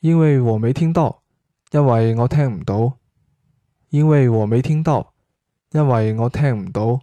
因為我沒聽到，因為我聽唔到，因為我沒聽到，因為我聽唔到。